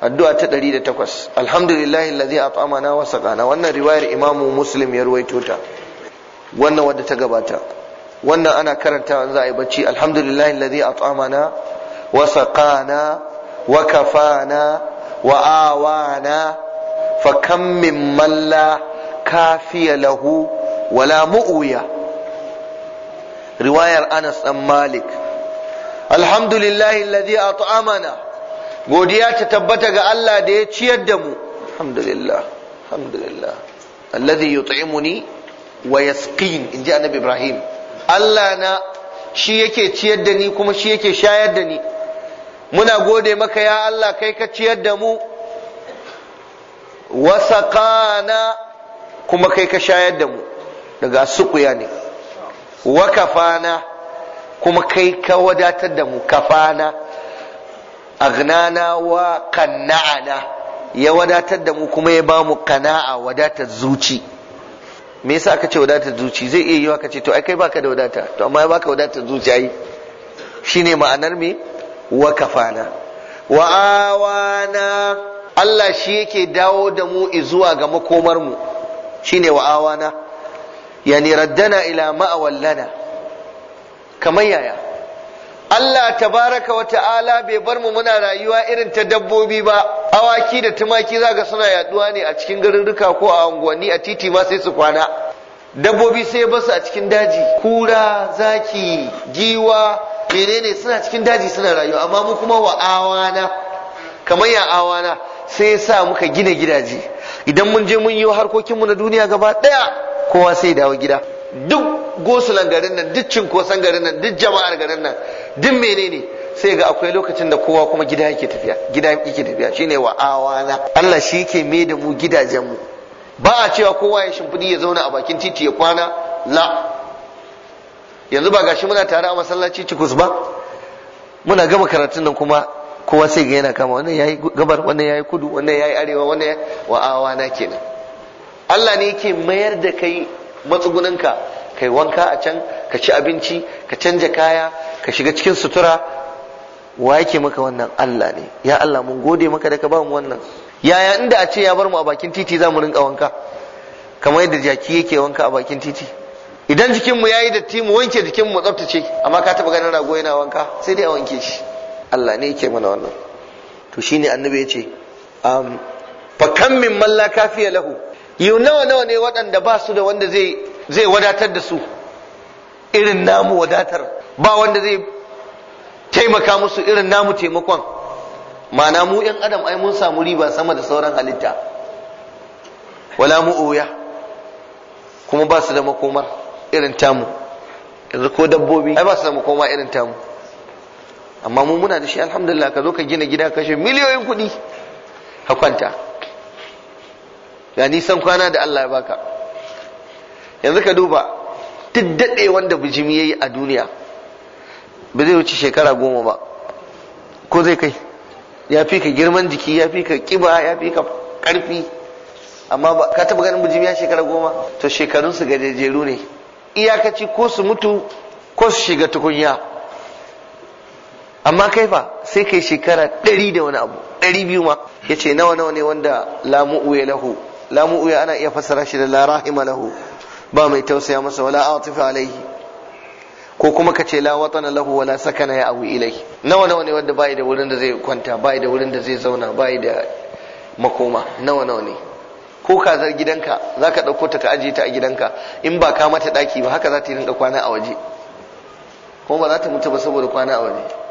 addu'a ta 108 alhamdulillahi allazi at'amana wa saqana wannan riwayar imamu muslim ya ruwaito ta wannan wadda ta gabata wannan ana karanta in za a yi bacci alhamdulillahi allazi at'amana wa saqana wa kafana wa awana fa kam min man la kafiya lahu wala mu'uya riwayar Anas dan Malik alhamdulillahi allazi at'amana godiya ta tabbata ga Allah da ya ciyar da mu alhamdulillah alhamdulillah alladhi yut'imuni wa yasqin inji annabi Ibrahim Allah na shi yake ciyar da ni kuma shi yake shayar da ni muna gode maka ya Allah kai ka ciyar da mu wasaqana kuma kai ka shayar da mu daga Sukuya ne wa kafana kuma kai ka wadatar da mu kafana agnana wa kanna'ana ya wadatar da mu kuma ya bamu kana'a wadatar zuci me yasa aka ce wadatar zuci zai iya yiwa ka ce to ai kai baka da wadata to amma ya baka wadatar zuci ai shine ma'anar me wa kafana wa awana Allah shi yake dawo da mu zuwa ga makomar mu shine wa awana yani raddana ila ma'awallana kamar yaya Allah tabaraka wa ta'ala bai bar mu muna rayuwa irin ta dabbobi ba awaki da tumaki zaka suna yaduwa ne a cikin ruka ko a unguwanni a titi ma sai su kwana dabbobi sai basu a cikin daji kura zaki giwa menene suna cikin daji suna rayuwa amma mu kuma wa awana kamar ya awana sai sa muka gina gidaje idan mun je mun yi harkokinmu na duniya gaba daya kowa sai dawo gida duk gosulan garin nan duk cinkoson garin nan duk jama'ar garin nan duk menene sai ga akwai lokacin da kowa kuma gida yake tafiya gida yake tafiya shine wa awana Allah shi yake mai da mu gidajen mu ba a cewa kowa ya shimfidi ya zauna a bakin titi ya kwana la yanzu ba gashi muna tare a masallaci cikus ba muna gama karatun nan kuma kowa sai ga yana kama wannan yayi gabar wannan yayi kudu wannan yayi arewa wannan wa awana kenan Allah ne yake mayar da kai matsugunanka kai wanka a can ka ci abinci ka canja kaya ka shiga cikin sutura wa yake maka wannan Allah ne ya Allah mun gode maka da ka ba mu wannan yaya inda a ce ya bar mu a bakin titi za mu rinka wanka kamar yadda jaki yake wanka a bakin titi idan jikinmu ya yi datti mu wanke jikinmu mu tsaftace amma ka taɓa ganin rago yana wanka sai dai a wanke shi Allah ne yake mana wannan to shine annabi ya ce fa kam min mallaka la kafiya lahu yau nawa nawa ne waɗanda ba su da wanda zai zai wadatar da su irin namu wadatar ba wanda zai taimaka musu irin namu taimakon ma'ana mu 'yan adam ai mun samu riba sama da sauran halitta wala mu oya kuma ba su da makomar irin tamu yanzu ko dabbobi ai ba su da makoma irin tamu amma mu muna da shi alhamdulillah ka zo ka gina gida kashe miliyoyin kuɗi ka kwanta ga nisan kwana da Allah ya baka yanzu ka duba duk daɗe wanda bijimi ya yi a duniya ba zai wuce shekara goma ba ko zai kai ya fi ka girman jiki ya fi ka kiba ya fi ka karfi amma ba ka taba ganin bijimi ya shekara goma to shekarun shekarunsu gajejeru ne iyakaci ko su mutu ko su shiga tukunya amma kai fa sai kai shekara ɗari da wani abu ɗari biyu ma ya ce nawa nawa ne wanda lamu'uwe lahu Lamu'uwe ana iya fassara shi da la rahima lahu ba mai tausaya masa wala a alaihi ko kuma ka ce la watana lahu wala sakana ya awi ilai nawa nawa ne wanda bai da wurin da zai kwanta bai da wurin da zai zauna bai da makoma nawa nawa ne ko kazar gidanka zaka dauko ta ka aje ta a gidanka in ba ka mata daki ba haka za ta rinka kwana a waje Ko ba za ta mutu ba saboda kwana a waje